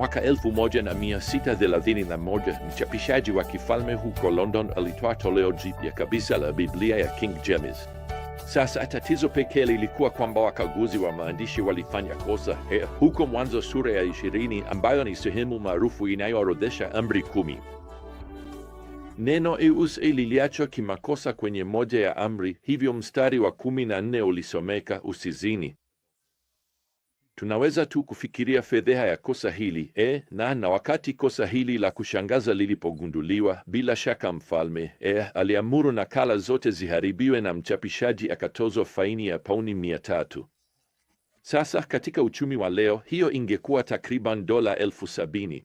Mwaka moja mchapishaji wa kifalme huko London alitoa toleo jipya kabisa la Biblia ya King James. Sasa tatizo pekee lilikuwa kwamba wakaguzi wa maandishi walifanya kosa he, huko Mwanzo sura ya 20 ambayo ni sehemu maarufu inayoorodhesha amri kumi. Neno iusi liliachwa kimakosa kwenye moja ya amri, hivyo mstari wa kumi na nne ulisomeka usizini tunaweza tu kufikiria fedheha ya kosa hili e, na na wakati kosa hili la kushangaza lilipogunduliwa, bila shaka mfalme e, aliamuru nakala zote ziharibiwe na mchapishaji akatozwa faini ya pauni mia tatu. Sasa katika uchumi wa leo hiyo ingekuwa takriban dola elfu sabini.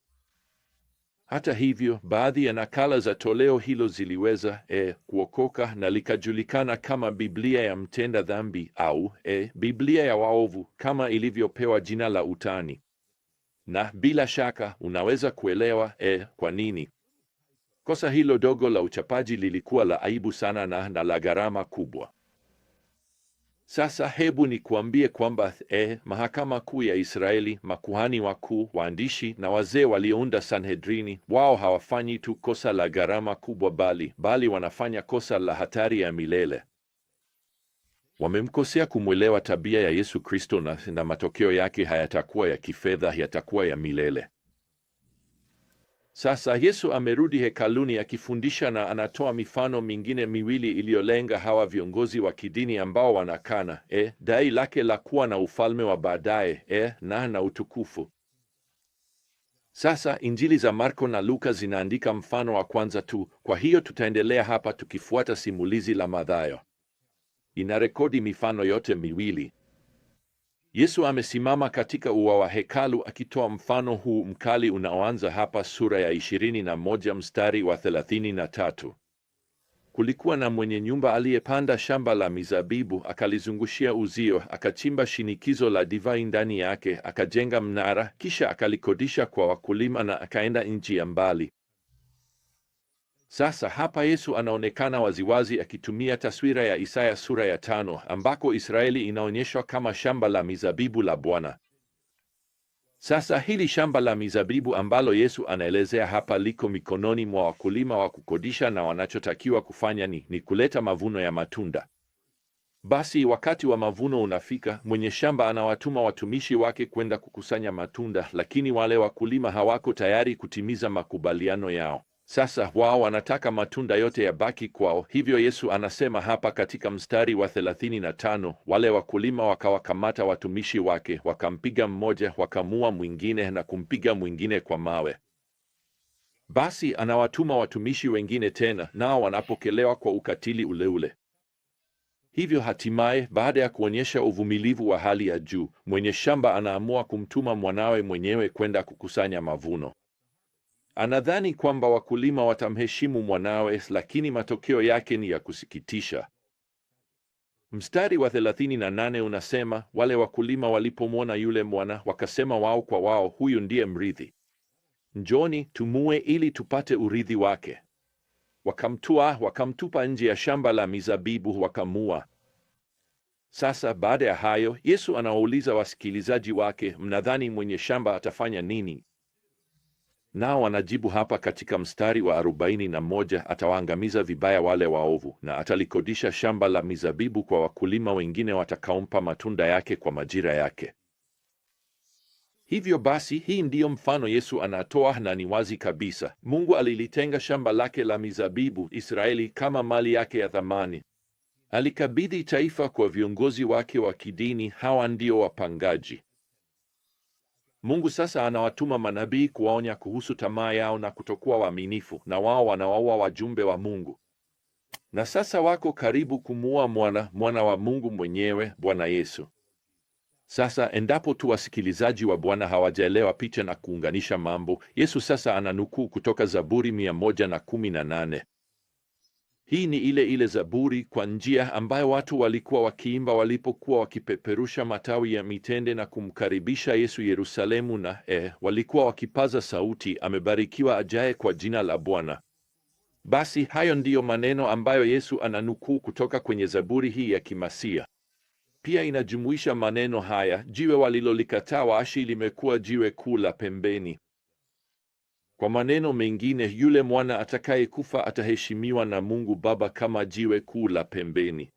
Hata hivyo, baadhi ya nakala za toleo hilo ziliweza e, kuokoka na likajulikana kama Biblia ya mtenda dhambi au e, Biblia ya waovu kama ilivyopewa jina la utani, na bila shaka unaweza kuelewa e, kwa nini. Kosa hilo dogo la uchapaji lilikuwa la aibu sana na, na la gharama kubwa. Sasa hebu nikuambie kwamba eh, mahakama kuu ya Israeli, makuhani wakuu, waandishi na wazee waliounda Sanhedrini, wao hawafanyi tu kosa la gharama kubwa, bali bali wanafanya kosa la hatari ya milele. Wamemkosea kumwelewa tabia ya Yesu Kristo na, na matokeo yake hayatakuwa ya kifedha, yatakuwa ya milele. Sasa Yesu amerudi hekaluni akifundisha na anatoa mifano mingine miwili iliyolenga hawa viongozi wa kidini ambao wanakana e, dai lake la kuwa na ufalme wa baadaye e, na na utukufu. Sasa Injili za Marko na Luka zinaandika mfano wa kwanza tu, kwa hiyo tutaendelea hapa tukifuata simulizi la Mathayo. Inarekodi mifano yote miwili. Yesu amesimama katika ua wa hekalu akitoa mfano huu mkali unaoanza hapa sura ya 21 mstari wa 33. Kulikuwa na mwenye nyumba aliyepanda shamba la mizabibu, akalizungushia uzio, akachimba shinikizo la divai ndani yake, akajenga mnara, kisha akalikodisha kwa wakulima na akaenda nchi ya mbali. Sasa hapa Yesu anaonekana waziwazi akitumia taswira ya Isaya sura ya tano ambako Israeli inaonyeshwa kama shamba la mizabibu la Bwana. Sasa hili shamba la mizabibu ambalo Yesu anaelezea hapa liko mikononi mwa wakulima wa kukodisha na wanachotakiwa kufanya ni, ni kuleta mavuno ya matunda. Basi wakati wa mavuno unafika, mwenye shamba anawatuma watumishi wake kwenda kukusanya matunda, lakini wale wakulima hawako tayari kutimiza makubaliano yao. Sasa wao wanataka matunda yote yabaki kwao. Hivyo Yesu anasema hapa katika mstari wa 35, wale wakulima wakawakamata watumishi wake, wakampiga mmoja, wakamua mwingine na kumpiga mwingine kwa mawe. Basi anawatuma watumishi wengine tena, nao wanapokelewa kwa ukatili ule ule. Hivyo hatimaye, baada ya kuonyesha uvumilivu wa hali ya juu, mwenye shamba anaamua kumtuma mwanawe mwenyewe kwenda kukusanya mavuno. Anadhani kwamba wakulima watamheshimu mwanawe, lakini matokeo yake ni ya kusikitisha. Mstari wa 38 unasema, wale wakulima walipomwona yule mwana wakasema wao kwa wao, huyu ndiye mrithi, njoni tumue ili tupate urithi wake. Wakamtua, wakamtupa nje ya shamba la mizabibu, wakamua. Sasa baada ya hayo, Yesu anawauliza wasikilizaji wake, mnadhani mwenye shamba atafanya nini? Nao wanajibu hapa katika mstari wa arobaini na moja atawaangamiza vibaya wale waovu, na atalikodisha shamba la mizabibu kwa wakulima wengine watakaompa matunda yake kwa majira yake. Hivyo basi, hii ndiyo mfano Yesu anatoa na ni wazi kabisa. Mungu alilitenga shamba lake la mizabibu Israeli kama mali yake ya thamani. Alikabidhi taifa kwa viongozi wake wa kidini, hawa ndio wapangaji. Mungu sasa anawatuma manabii kuwaonya kuhusu tamaa yao na kutokuwa waaminifu, na wao wanawaua wajumbe wa Mungu, na sasa wako karibu kumuua mwana mwana wa Mungu mwenyewe, Bwana Yesu. Sasa endapo tu wasikilizaji wa Bwana hawajaelewa picha na kuunganisha mambo, Yesu sasa ananukuu kutoka Zaburi 118. Hii ni ile ile Zaburi kwa njia ambayo watu walikuwa wakiimba walipokuwa wakipeperusha matawi ya mitende na kumkaribisha Yesu Yerusalemu, na e, walikuwa wakipaza sauti, amebarikiwa ajaye kwa jina la Bwana. Basi hayo ndiyo maneno ambayo Yesu ananukuu kutoka kwenye Zaburi hii ya Kimasia. Pia inajumuisha maneno haya, jiwe walilolikataa waashi limekuwa jiwe kuu la pembeni. Kwa maneno mengine, yule mwana atakayekufa ataheshimiwa na Mungu Baba kama jiwe kuu la pembeni.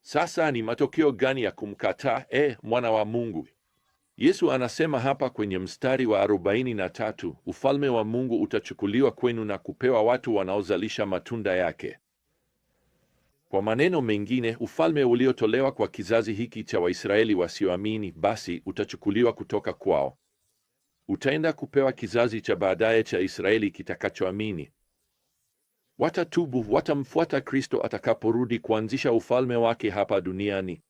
Sasa ni matokeo gani ya kumkataa e mwana wa Mungu? Yesu anasema hapa kwenye mstari wa tatu, ufalme wa Mungu utachukuliwa kwenu na kupewa watu wanaozalisha matunda yake. Kwa maneno mengine, ufalme uliotolewa kwa kizazi hiki cha Waisraeli wasioamini basi utachukuliwa kutoka kwao utaenda kupewa kizazi cha baadaye cha Israeli kitakachoamini. Watatubu, watamfuata Kristo atakaporudi kuanzisha ufalme wake hapa duniani.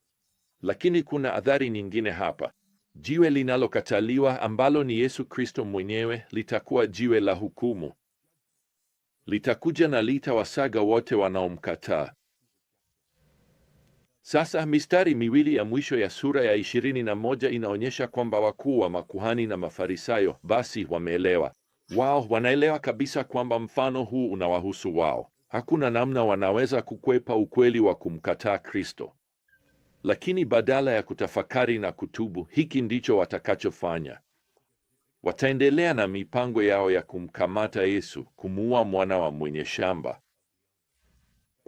Lakini kuna adhari nyingine hapa. Jiwe linalokataliwa ambalo ni Yesu Kristo mwenyewe litakuwa jiwe la hukumu. Litakuja na lita wasaga wote wanaomkataa. Sasa mistari miwili ya mwisho ya sura ya ishirini na moja inaonyesha kwamba wakuu wa makuhani na Mafarisayo basi wameelewa. Wao wanaelewa kabisa kwamba mfano huu unawahusu wao. Hakuna namna wanaweza kukwepa ukweli wa kumkataa Kristo. Lakini badala ya kutafakari na kutubu, hiki ndicho watakachofanya. Wataendelea na mipango yao ya kumkamata Yesu, kumuua mwana wa mwenye shamba.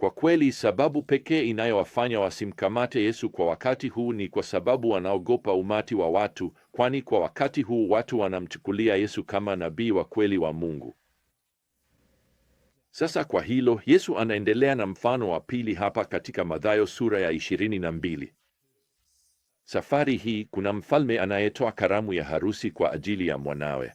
Kwa kweli, sababu pekee inayowafanya wasimkamate Yesu kwa wakati huu ni kwa sababu wanaogopa umati wa watu, kwani kwa wakati huu watu wanamchukulia Yesu kama nabii wa kweli wa Mungu. Sasa kwa hilo, Yesu anaendelea na mfano wa pili hapa katika Mathayo sura ya 22. Safari hii kuna mfalme anayetoa karamu ya harusi kwa ajili ya mwanawe.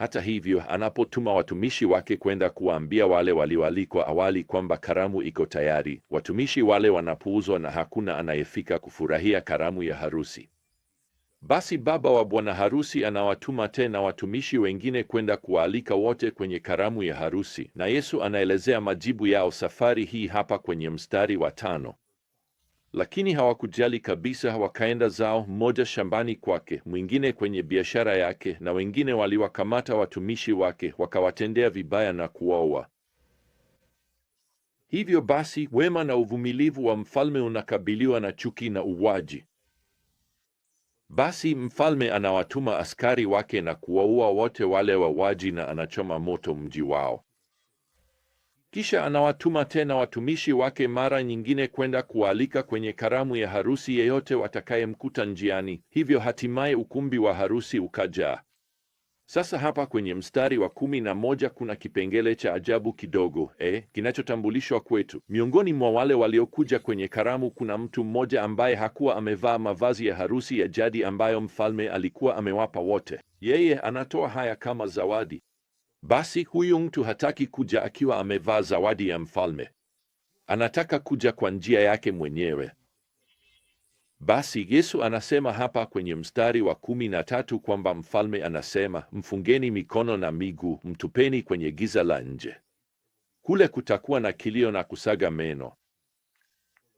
Hata hivyo, anapotuma watumishi wake kwenda kuwaambia wale walioalikwa awali kwamba karamu iko tayari, watumishi wale wanapuuzwa na hakuna anayefika kufurahia karamu ya harusi. Basi baba wa bwana harusi anawatuma tena watumishi wengine kwenda kuwaalika wote kwenye karamu ya harusi, na Yesu anaelezea majibu yao safari hii hapa kwenye mstari wa tano lakini hawakujali kabisa. Wakaenda zao, mmoja shambani kwake, mwingine kwenye biashara yake, na wengine waliwakamata watumishi wake wakawatendea vibaya na kuwaua. Hivyo basi, wema na uvumilivu wa mfalme unakabiliwa na chuki na uwaji. Basi mfalme anawatuma askari wake na kuwaua wote wale wawaji na anachoma moto mji wao. Kisha anawatuma tena watumishi wake mara nyingine kwenda kualika kwenye karamu ya harusi yeyote watakayemkuta njiani. Hivyo hatimaye ukumbi wa harusi ukajaa. Sasa hapa kwenye mstari wa kumi na moja kuna kipengele cha ajabu kidogo eh, kinachotambulishwa kwetu. Miongoni mwa wale waliokuja kwenye karamu kuna mtu mmoja ambaye hakuwa amevaa mavazi ya harusi ya jadi ambayo mfalme alikuwa amewapa wote. Yeye anatoa haya kama zawadi. Basi huyu mtu hataki kuja akiwa amevaa zawadi ya mfalme, anataka kuja kwa njia yake mwenyewe. Basi Yesu anasema hapa kwenye mstari wa kumi na tatu kwamba mfalme anasema, mfungeni mikono na miguu, mtupeni kwenye giza la nje, kule kutakuwa na kilio na kusaga meno.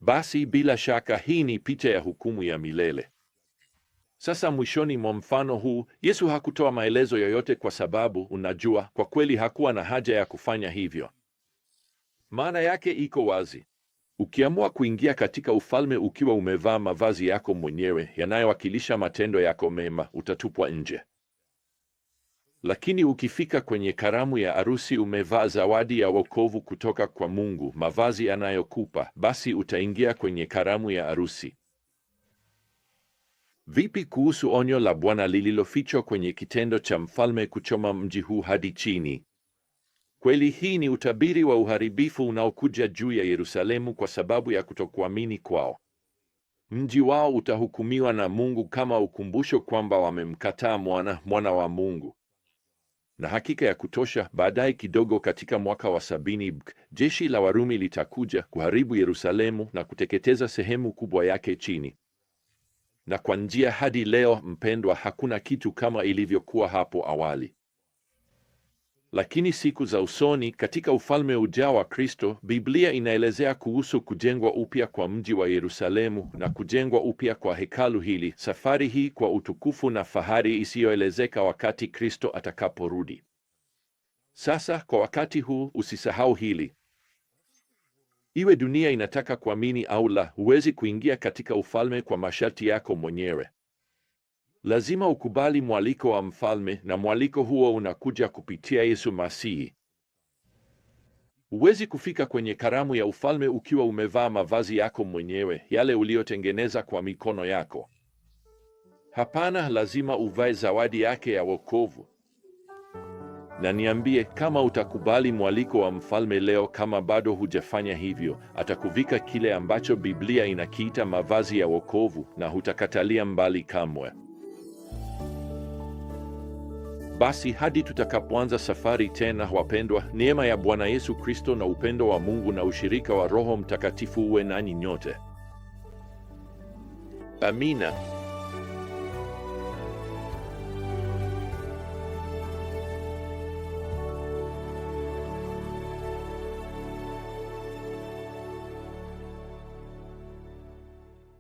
Basi bila shaka hii ni picha ya hukumu ya milele. Sasa mwishoni mwa mfano huu, Yesu hakutoa maelezo yoyote kwa sababu unajua, kwa kweli hakuwa na haja ya kufanya hivyo. Maana yake iko wazi. Ukiamua kuingia katika ufalme ukiwa umevaa mavazi yako mwenyewe yanayowakilisha matendo yako mema, utatupwa nje. Lakini ukifika kwenye karamu ya arusi umevaa zawadi ya wokovu kutoka kwa Mungu, mavazi anayokupa, basi utaingia kwenye karamu ya arusi. Vipi kuhusu onyo la Bwana lililofichwa kwenye kitendo cha mfalme kuchoma mji huu hadi chini? Kweli hii ni utabiri wa uharibifu unaokuja juu ya Yerusalemu kwa sababu ya kutokuamini kwao. Mji wao utahukumiwa na Mungu kama ukumbusho kwamba wamemkataa mwana mwana wa Mungu. Na hakika ya kutosha, baadaye kidogo katika mwaka wa sabini BK, jeshi la Warumi litakuja kuharibu Yerusalemu na kuteketeza sehemu kubwa yake chini na kwa njia hadi leo, mpendwa, hakuna kitu kama ilivyokuwa hapo awali. Lakini siku za usoni katika ufalme ujao wa Kristo, Biblia inaelezea kuhusu kujengwa upya kwa mji wa Yerusalemu na kujengwa upya kwa hekalu hili, safari hii kwa utukufu na fahari isiyoelezeka wakati Kristo atakaporudi. Sasa kwa wakati huu usisahau hili. Iwe dunia inataka kuamini au la, huwezi kuingia katika ufalme kwa masharti yako mwenyewe. Lazima ukubali mwaliko wa mfalme, na mwaliko huo unakuja kupitia Yesu Masihi. Huwezi kufika kwenye karamu ya ufalme ukiwa umevaa mavazi yako mwenyewe, yale uliyotengeneza kwa mikono yako. Hapana, lazima uvae zawadi yake ya wokovu na niambie kama utakubali mwaliko wa mfalme leo. Kama bado hujafanya hivyo, atakuvika kile ambacho Biblia inakiita mavazi ya wokovu, na hutakatalia mbali kamwe. Basi hadi tutakapoanza safari tena, wapendwa, neema ya Bwana Yesu Kristo na upendo wa Mungu na ushirika wa Roho Mtakatifu uwe nanyi nyote. Amina.